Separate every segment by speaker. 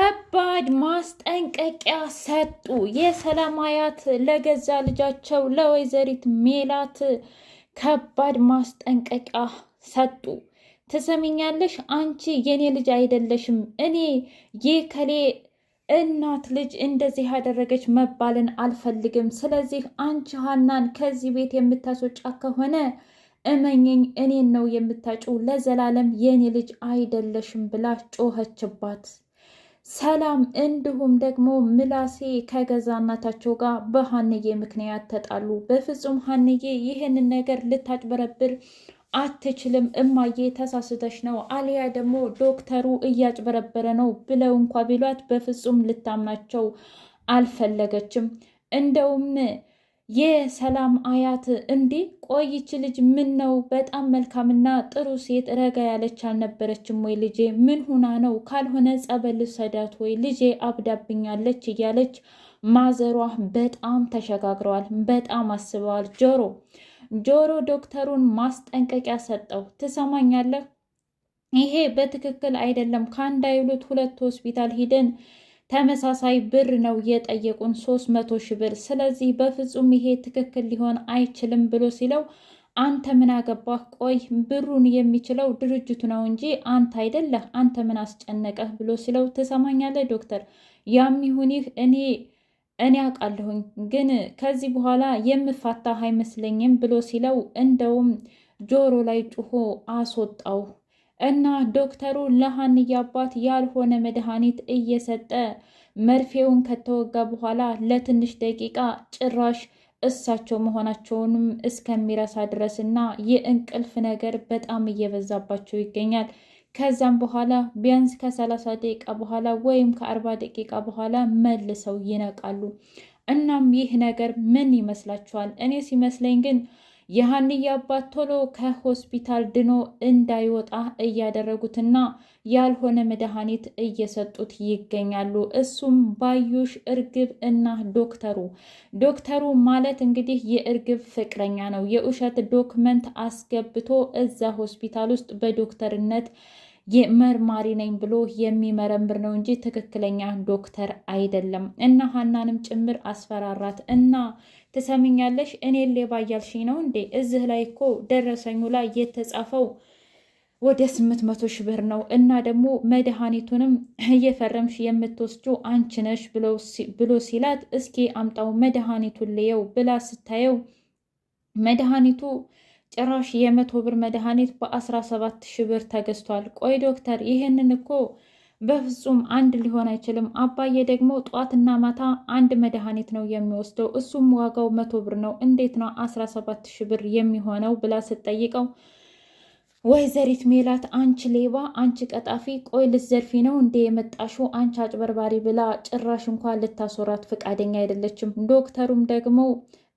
Speaker 1: ከባድ ማስጠንቀቂያ ሰጡ። የሰላም አያት ለገዛ ልጃቸው ለወይዘሪት ሜላት ከባድ ማስጠንቀቂያ ሰጡ። ትሰሚኛለሽ? አንቺ የኔ ልጅ አይደለሽም። እኔ የከሌ እናት ልጅ እንደዚህ ያደረገች መባልን አልፈልግም። ስለዚህ አንቺ ሀናን ከዚህ ቤት የምታስወጫ ከሆነ እመኝኝ እኔን ነው የምታጩ። ለዘላለም የኔ ልጅ አይደለሽም ብላ ጮኸችባት። ሰላም እንዲሁም ደግሞ ምላሴ ከገዛ እናታቸው ጋር በሀንዬ ምክንያት ተጣሉ። በፍጹም ሀንዬ ይህንን ነገር ልታጭበረብር አትችልም፣ እማዬ ተሳስተሽ ነው፣ አሊያ ደግሞ ዶክተሩ እያጭበረበረ ነው ብለው እንኳ ቢሏት በፍጹም ልታምናቸው አልፈለገችም። እንደውም የሰላም አያት እንዴ ቆይች ልጅ ምን ነው? በጣም መልካምና ጥሩ ሴት ረጋ ያለች አልነበረችም ወይ? ልጄ ምን ሁና ነው? ካልሆነ ጸበል ሰዳት ወይ? ልጄ አብዳብኛለች እያለች ማዘሯ በጣም ተሸጋግረዋል። በጣም አስበዋል። ጆሮ ጆሮ ዶክተሩን ማስጠንቀቂያ ሰጠው። ትሰማኛለህ? ይሄ በትክክል አይደለም። ከአንድ አይሉት ሁለት ሆስፒታል ሂደን ተመሳሳይ ብር ነው የጠየቁን ሶስት መቶ ሺህ ብር። ስለዚህ በፍጹም ይሄ ትክክል ሊሆን አይችልም ብሎ ሲለው አንተ ምን አገባህ? ቆይ ብሩን የሚችለው ድርጅቱ ነው እንጂ አንተ አይደለህ። አንተ ምን አስጨነቀህ? ብሎ ሲለው ትሰማኛለህ ዶክተር፣ ያም ይሁን ይህ እኔ እኔ አውቃለሁኝ ግን ከዚህ በኋላ የምፋታህ አይመስለኝም ብሎ ሲለው እንደውም ጆሮ ላይ ጩሆ አስወጣው እና ዶክተሩ ለሀንዬ አባት ያልሆነ መድኃኒት እየሰጠ መርፌውን ከተወጋ በኋላ ለትንሽ ደቂቃ ጭራሽ እሳቸው መሆናቸውንም እስከሚረሳ ድረስ እና የእንቅልፍ ነገር በጣም እየበዛባቸው ይገኛል። ከዛም በኋላ ቢያንስ ከሰላሳ ደቂቃ በኋላ ወይም ከአርባ ደቂቃ በኋላ መልሰው ይነቃሉ። እናም ይህ ነገር ምን ይመስላችኋል? እኔ ሲመስለኝ ግን የሀንዬ አባት ቶሎ ከሆስፒታል ድኖ እንዳይወጣ እያደረጉትና ያልሆነ መድኃኒት እየሰጡት ይገኛሉ። እሱም ባዩሽ፣ እርግብ እና ዶክተሩ። ዶክተሩ ማለት እንግዲህ የእርግብ ፍቅረኛ ነው። የውሸት ዶክመንት አስገብቶ እዛ ሆስፒታል ውስጥ በዶክተርነት መርማሪ ነኝ ብሎ የሚመረምር ነው እንጂ ትክክለኛ ዶክተር አይደለም። እና ሀናንም ጭምር አስፈራራት እና ትሰምኛለሽ፣ እኔ ሌባ እያልሽኝ ነው እንዴ? እዚህ ላይ እኮ ደረሰኙ ላይ የተጻፈው ወደ ስምንት መቶ ሺህ ብር ነው እና ደግሞ መድኃኒቱንም እየፈረምሽ የምትወስጂው አንቺ ነሽ ብሎ ሲላት፣ እስኪ አምጣው መድኃኒቱን ልየው ብላ ስታየው መድኃኒቱ ጭራሽ የመቶ ብር መድኃኒት በ17 ሺህ ብር ተገዝቷል። ቆይ ዶክተር፣ ይህንን እኮ በፍጹም አንድ ሊሆን አይችልም። አባዬ ደግሞ ጧትና ማታ አንድ መድኃኒት ነው የሚወስደው፣ እሱም ዋጋው መቶ ብር ነው። እንዴት ነው 17 ሺህ ብር የሚሆነው ብላ ስትጠይቀው ወይዘሪት ሜላት አንቺ ሌባ፣ አንቺ ቀጣፊ፣ ቆይ ልትዘርፊ ነው እንዴ የመጣሽው? አንቺ አጭበርባሪ ብላ ጭራሽ እንኳን ልታስወራት ፈቃደኛ አይደለችም። ዶክተሩም ደግሞ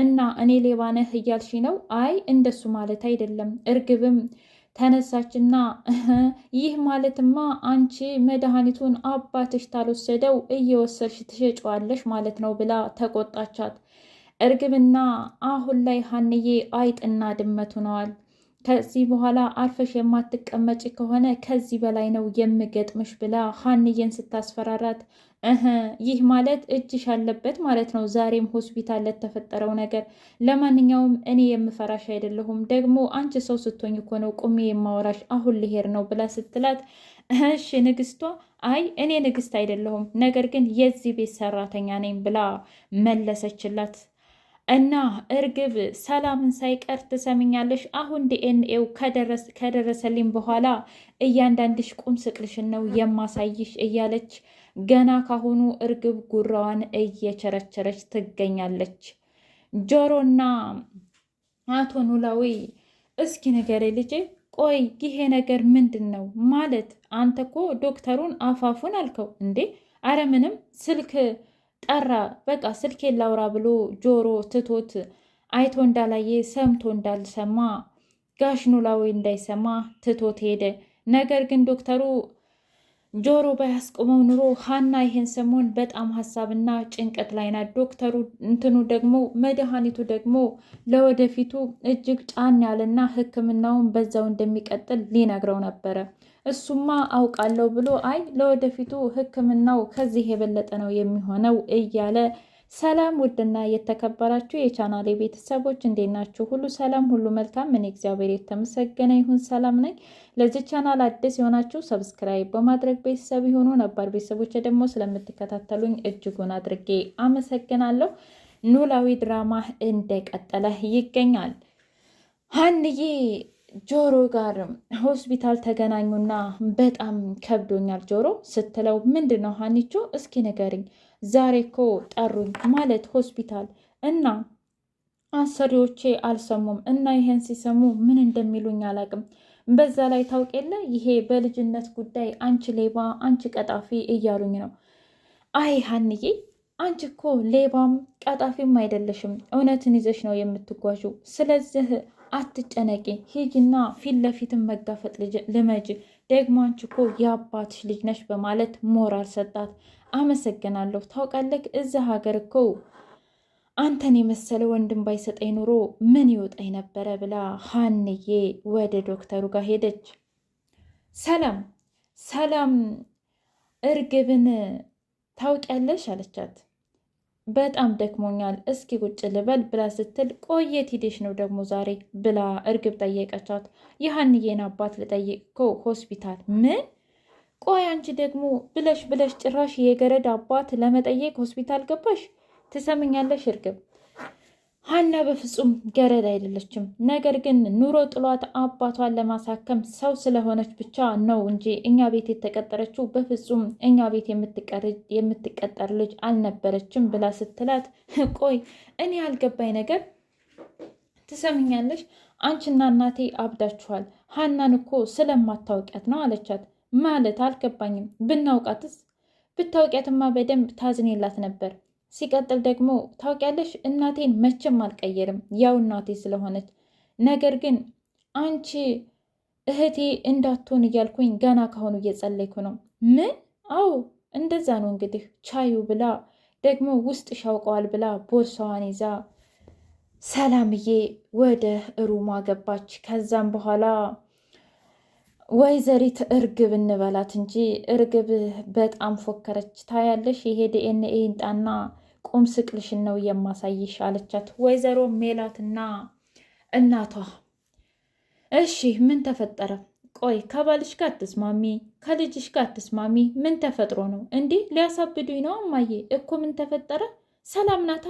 Speaker 1: እና እኔ ሌባ ነህ እያልሽ ነው? አይ እንደሱ ማለት አይደለም። እርግብም ተነሳችና ይህ ማለትማ አንቺ መድኃኒቱን አባትሽ ታልወሰደው እየወሰድሽ ትሸጨዋለሽ ማለት ነው ብላ ተቆጣቻት። እርግብና አሁን ላይ ሀንዬ አይጥና ድመት ሆነዋል። ከዚህ በኋላ አርፈሽ የማትቀመጭ ከሆነ ከዚህ በላይ ነው የምገጥምሽ ብላ ሀንዬን ስታስፈራራት እህ ይህ ማለት እጅሽ አለበት ማለት ነው። ዛሬም ሆስፒታል ለተፈጠረው ነገር ለማንኛውም እኔ የምፈራሽ አይደለሁም። ደግሞ አንቺ ሰው ስትሆኝ እኮ ነው ቁሜ የማወራሽ። አሁን ልሄድ ነው ብላ ስትላት እሺ ንግስቷ፣ አይ እኔ ንግስት አይደለሁም ነገር ግን የዚህ ቤት ሰራተኛ ነኝ ብላ መለሰችላት። እና እርግብ ሰላምን ሳይቀር ትሰምኛለሽ፣ አሁን ዲኤንኤው ከደረሰልኝ በኋላ እያንዳንድሽ ቁም ስቅልሽን ነው የማሳይሽ እያለች ገና ካሁኑ እርግብ ጉራዋን እየቸረቸረች ትገኛለች። ጆሮና አቶ ኖላዊ እስኪ ንገሪ ልጄ፣ ቆይ ይሄ ነገር ምንድን ነው ማለት? አንተ እኮ ዶክተሩን አፋፉን አልከው እንዴ? አረ ምንም ስልክ ጠራ። በቃ ስልኬ ላውራ ብሎ ጆሮ ትቶት አይቶ እንዳላየ ሰምቶ እንዳልሰማ ጋሽ ኖላዊ እንዳይሰማ ትቶት ሄደ። ነገር ግን ዶክተሩ ጆሮ ባያስቆመው ኑሮ ሀና ይሄን ሰሞን በጣም ሀሳብና ጭንቀት ላይ ናት። ዶክተሩ እንትኑ ደግሞ መድኃኒቱ ደግሞ ለወደፊቱ እጅግ ጫን ያለና ሕክምናውን በዛው እንደሚቀጥል ሊነግረው ነበረ። እሱማ አውቃለሁ ብሎ አይ ለወደፊቱ ሕክምናው ከዚህ የበለጠ ነው የሚሆነው እያለ ሰላም ውድና የተከበራችሁ የቻናሌ ቤተሰቦች እንዴት ናችሁ? ሁሉ ሰላም፣ ሁሉ መልካም። እኔ እግዚአብሔር የተመሰገነ ይሁን ሰላም ነኝ። ለዚህ ቻናል አዲስ የሆናችሁ ሰብስክራይብ በማድረግ ቤተሰብ የሆኑ ነባር ቤተሰቦች ደግሞ ስለምትከታተሉኝ እጅጉን አድርጌ አመሰግናለሁ። ኖላዊ ድራማ እንደቀጠለ ይገኛል። ሀንዬ ጆሮ ጋር ሆስፒታል ተገናኙና በጣም ከብዶኛል ጆሮ ስትለው፣ ምንድን ነው ሀኒቾ እስኪ ንገሪኝ፣ ዛሬ እኮ ጠሩኝ ማለት ሆስፒታል እና አሰሪዎቼ አልሰሙም እና ይሄን ሲሰሙ ምን እንደሚሉኝ አላውቅም። በዛ ላይ ታውቅ የለ ይሄ በልጅነት ጉዳይ አንቺ ሌባ፣ አንቺ ቀጣፊ እያሉኝ ነው። አይ ሀንዬ አንቺ እኮ ሌባም ቀጣፊም አይደለሽም፣ እውነትን ይዘሽ ነው የምትጓዡ። ስለዚህ አትጨነቂ፣ ሂጂና ፊት ለፊትም መጋፈጥ ልመጅ። ደግሞ አንቺ እኮ የአባትሽ ልጅ ነሽ በማለት ሞራል ሰጣት። አመሰግናለሁ። ታውቃለህ እዚ ሀገር እኮ አንተን የመሰለ ወንድም ባይሰጠኝ ኑሮ ምን ይወጣኝ ነበረ ብላ ሀንዬ ወደ ዶክተሩ ጋር ሄደች። ሰላም ሰላም፣ እርግብን ታውቂያለሽ አለቻት። በጣም ደክሞኛል እስኪ ቁጭ ልበል ብላ ስትል ቆየት ሂደሽ ነው ደግሞ ዛሬ ብላ እርግብ ጠየቀቻት። የሀንዬን አባት ልጠይቅ እኮ ሆስፒታል። ምን ቆይ አንቺ ደግሞ ብለሽ ብለሽ ጭራሽ የገረድ አባት ለመጠየቅ ሆስፒታል ገባሽ? ትሰምኛለሽ እርግብ ሀና በፍጹም ገረድ አይደለችም። ነገር ግን ኑሮ ጥሏት አባቷን ለማሳከም ሰው ስለሆነች ብቻ ነው እንጂ እኛ ቤት የተቀጠረችው በፍጹም እኛ ቤት የምትቀጠር ልጅ አልነበረችም ብላ ስትላት፣ ቆይ እኔ ያልገባኝ ነገር ትሰምኛለሽ? አንቺና እናቴ አብዳችኋል። ሀናን እኮ ስለማታውቂያት ነው አለቻት። ማለት አልገባኝም። ብናውቃትስ? ብታውቂያትማ በደንብ ታዝኔላት ነበር ሲቀጥል ደግሞ ታውቂያለሽ፣ እናቴን መቼም አልቀየርም፣ ያው እናቴ ስለሆነች። ነገር ግን አንቺ እህቴ እንዳትሆን እያልኩኝ ገና ካሁኑ እየጸለይኩ ነው። ምን? አዎ እንደዛ ነው እንግዲህ ቻዩ ብላ ደግሞ ውስጥ ሻውቀዋል ብላ ቦርሳዋን ይዛ ሰላምዬ ወደ ሩማ ገባች። ከዛም በኋላ ወይዘሪት እርግብ እንበላት እንጂ እርግብ በጣም ፎከረች። ታያለሽ ይሄ ዲኤንኤ ይንጣና ቁም ስቅልሽን ነው የማሳይሽ አለቻት ወይዘሮ ሜላትና እናቷ። እሺ ምን ተፈጠረ? ቆይ ከባልሽ ጋር አትስማሚ፣ ከልጅሽ ጋር አትስማሚ፣ ምን ተፈጥሮ ነው እንዲህ ሊያሳብዱኝ ነው? እማዬ እኮ ምን ተፈጠረ? ሰላም ናታ።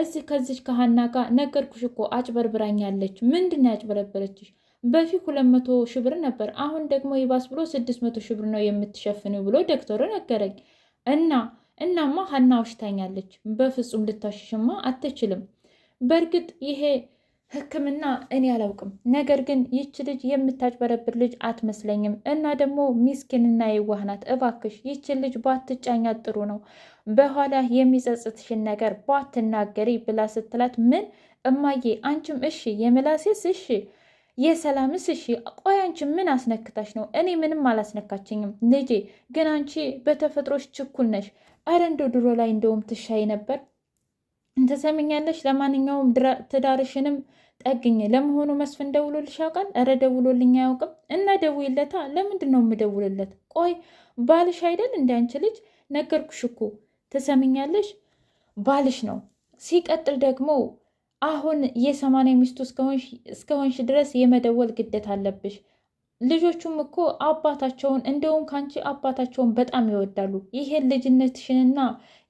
Speaker 1: እዚህ ከዚች ከሀና ጋር ነገርኩሽ እኮ አጭበርብራኛለች። ምንድን ነው ያጭበረበረችሽ? በፊት ሁለት መቶ ሺህ ብር ነበር፣ አሁን ደግሞ ይባስ ብሎ ስድስት መቶ ሺህ ብር ነው የምትሸፍኑ ብሎ ዶክተሩ ነገረኝ እና እናማ ሀና አውሽታኛለች። በፍጹም ልታሽሽማ አትችልም። በእርግጥ ይሄ ሕክምና እኔ አላውቅም፣ ነገር ግን ይቺ ልጅ የምታጭበረብር ልጅ አትመስለኝም። እና ደግሞ ሚስኪንና የዋህ ናት። እባክሽ ይቺን ልጅ ባትጫኛት ጥሩ ነው፣ በኋላ የሚጸጽትሽን ነገር ባትናገሪ ብላ ስትላት፣ ምን እማዬ አንቺም እሺ፣ የምላሴስ እሺ፣ የሰላምስ እሺ። ቆይ አንቺ ምን አስነክታሽ ነው? እኔ ምንም አላስነካችኝም ልጄ፣ ግን አንቺ በተፈጥሮች ችኩል ነሽ። አረ እንደው ድሮ ላይ እንደውም ትሻይ ነበር። ትሰምኛለሽ? ለማንኛውም ትዳርሽንም ጠግኝ። ለመሆኑ መስፍን ደውሎልሽ ያውቃል? ረ ደውሎልኝ አያውቅም። እና ደውይለታ። ለምንድን ነው የምደውልለት? ቆይ ባልሽ አይደል? እንደ ልጅ ነገርኩሽ እኮ ትሰምኛለሽ? ባልሽ ነው። ሲቀጥል ደግሞ አሁን የሰማንያ ሚስቱ እስከሆንሽ ድረስ የመደወል ግደት አለብሽ። ልጆቹም እኮ አባታቸውን እንደውም ከአንቺ አባታቸውን በጣም ይወዳሉ። ይሄን ልጅነትሽንና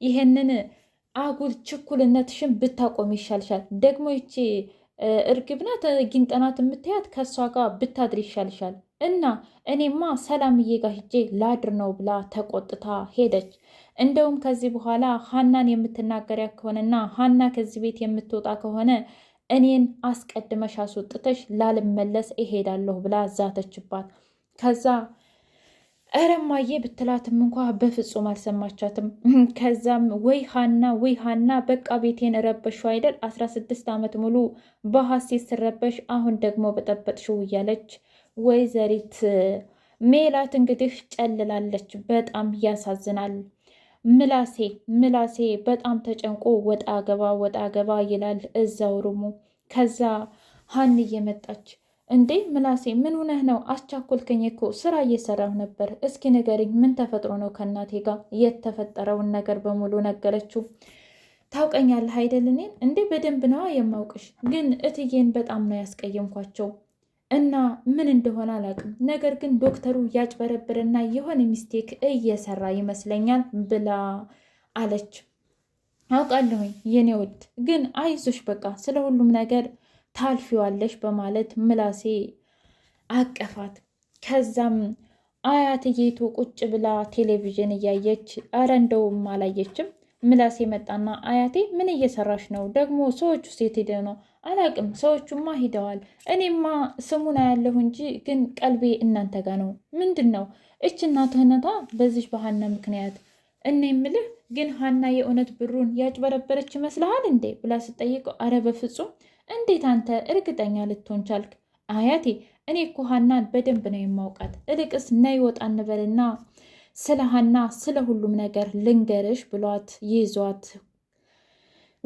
Speaker 1: ይሄንን አጉል ችኩልነትሽን ብታቆም ይሻልሻል። ደግሞ ይቺ እርግብናት ጊንጠናት የምትያት ከእሷ ጋር ብታድር ይሻልሻል። እና እኔማ ሰላምዬ ጋር ሂጄ ላድር ነው ብላ ተቆጥታ ሄደች። እንደውም ከዚህ በኋላ ሀናን የምትናገሪያ ከሆነና ሀና ከዚህ ቤት የምትወጣ ከሆነ እኔን አስቀድመሽ አስወጥተሽ ላልመለስ እሄዳለሁ ብላ ዛተችባት። ከዛ እረማዬ ብትላትም እንኳ በፍጹም አልሰማቻትም። ከዛም ወይ ሀና ወይ ሀና በቃ ቤቴን ረበሹ አይደል አስራ ስድስት ዓመት ሙሉ በሀሴት ስረበሽ አሁን ደግሞ በጠበጥሽው እያለች ወይዘሪት ሜላት እንግዲህ ጨልላለች። በጣም ያሳዝናል። ምላሴ ምላሴ በጣም ተጨንቆ ወጣ ገባ ወጣ ገባ ይላል እዛው ሩሙ። ከዛ ሀን እየመጣች እንዴ ምላሴ ምን ሆነህ ነው? አስቻኮልከኝ እኮ ስራ እየሰራሁ ነበር። እስኪ ንገሪኝ፣ ምን ተፈጥሮ ነው ከእናቴ ጋር? የተፈጠረውን ነገር በሙሉ ነገረችው። ታውቀኛለህ አይደል? እኔን እንዴ በደንብ ነዋ የማውቅሽ፣ ግን እትዬን በጣም ነው ያስቀየምኳቸው። እና ምን እንደሆነ አላውቅም፣ ነገር ግን ዶክተሩ ያጭበረብርና የሆነ ሚስቴክ እየሰራ ይመስለኛል ብላ አለች። አውቃለሁኝ የኔ ውድ፣ ግን አይዞሽ በቃ ስለ ሁሉም ነገር ታልፊዋለሽ በማለት ምላሴ አቀፋት። ከዛም አያትዬቱ ቁጭ ብላ ቴሌቪዥን እያየች አረ እንደውም አላየችም። ምላሴ መጣና አያቴ ምን እየሰራሽ ነው? ደግሞ ሰዎቹ ሴት ሄደ ነው አላቅም። ሰዎቹማ ሂደዋል። እኔማ ስሙን አያለሁ እንጂ ግን ቀልቤ እናንተ ጋ ነው። ምንድን ነው እች እናትህነታ በዚች በሀና ምክንያት እኔ የምልህ ግን ሀና የእውነት ብሩን ያጭበረበረች ይመስልሃል እንዴ ብላ ስጠይቀው፣ አረ በፍጹም እንዴት አንተ እርግጠኛ ልትሆን ቻልክ? አያቴ እኔ እኮ ሀናን በደንብ ነው የማውቃት። እልቅስ ነይ ወጣ እንበልና ስለ ሀና ስለ ሁሉም ነገር ልንገርሽ ብሏት ይዟት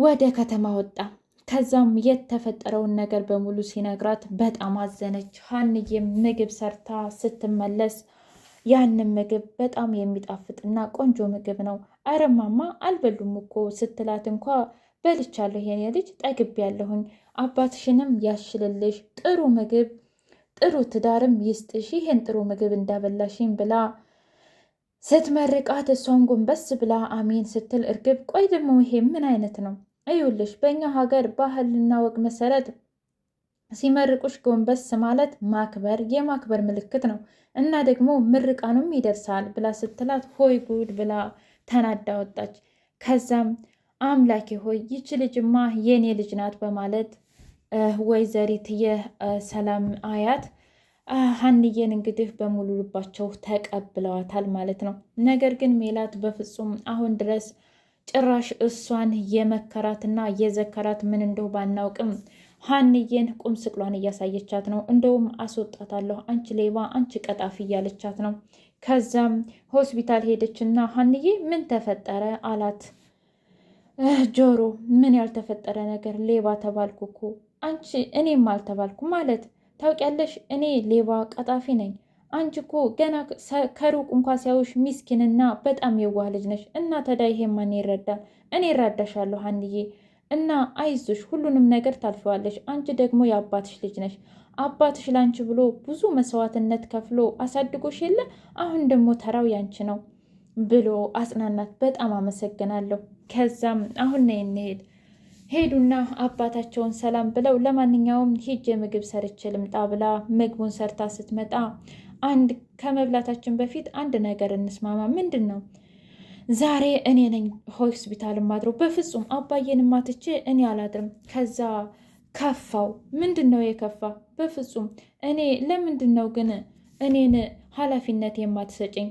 Speaker 1: ወደ ከተማ ወጣ። ከዛም የተፈጠረውን ነገር በሙሉ ሲነግራት በጣም አዘነች። ሀንዬም ምግብ ሰርታ ስትመለስ ያንን ምግብ በጣም የሚጣፍጥና ቆንጆ ምግብ ነው፣ አረ አልበሉም እኮ ስትላት እንኳ በልቻለሁ፣ የኔ ልጅ ጠግብ ያለሁኝ፣ አባትሽንም ያሽልልሽ፣ ጥሩ ምግብ ጥሩ ትዳርም ይስጥሽ፣ ይህን ጥሩ ምግብ እንዳበላሽኝ ብላ ስትመርቃት እሷን ጎንበስ ብላ አሜን ስትል እርግብ ቆይ ደግሞ ይሄ ምን አይነት ነው እዩልሽ በእኛ ሀገር ባህልና ወግ መሰረት ሲመርቁሽ ጎንበስ ማለት ማክበር የማክበር ምልክት ነው እና ደግሞ ምርቃኑም ይደርሳል ብላ ስትላት ሆይ ጉድ ብላ ተናዳ ወጣች። ከዛም አምላኬ ሆይ ይች ልጅማ የእኔ ልጅ ናት በማለት ወይዘሪት የሰላም አያት ሀንዬን እንግዲህ በሙሉ ልባቸው ተቀብለዋታል ማለት ነው። ነገር ግን ሜላት በፍጹም አሁን ድረስ ጭራሽ እሷን የመከራትና የዘከራት ምን እንደው ባናውቅም ሀንዬን ቁም ስቅሏን እያሳየቻት ነው። እንደውም አስወጣታለሁ፣ አንቺ ሌባ፣ አንቺ ቀጣፊ እያለቻት ነው። ከዛም ሆስፒታል ሄደችና ሀንዬ ምን ተፈጠረ አላት። ጆሮ ምን ያልተፈጠረ ነገር ሌባ ተባልኩ እኮ አንቺ እኔም አልተባልኩ ማለት ታውቂያለሽ፣ እኔ ሌባ ቀጣፊ ነኝ አንቺ እኮ ገና ከሩቅ እንኳ ሲያዩሽ ሚስኪንና በጣም የዋህ ልጅ ነሽ። እና ተዳ ይሄ ማን ይረዳል? እኔ እራዳሻለሁ አንዬ እና አይዞሽ፣ ሁሉንም ነገር ታልፈዋለሽ። አንቺ ደግሞ የአባትሽ ልጅ ነሽ። አባትሽ ላንቺ ብሎ ብዙ መስዋዕትነት ከፍሎ አሳድጎሽ የለ አሁን ደግሞ ተራው ያንቺ ነው ብሎ አጽናናት። በጣም አመሰግናለሁ። ከዛም አሁን ነይ እንሄድ ሄዱና አባታቸውን ሰላም ብለው፣ ለማንኛውም ሂጅ ምግብ ሰርቼ ልምጣ ብላ ምግቡን ሰርታ ስትመጣ አንድ ከመብላታችን በፊት አንድ ነገር እንስማማ። ምንድን ነው? ዛሬ እኔ ነኝ ሆስፒታል ማድረው። በፍጹም አባዬን ማትቼ እኔ አላድርም። ከዛ ከፋው። ምንድን ነው የከፋ? በፍጹም እኔ ለምንድን ነው ግን እኔን ኃላፊነት የማትሰጭኝ?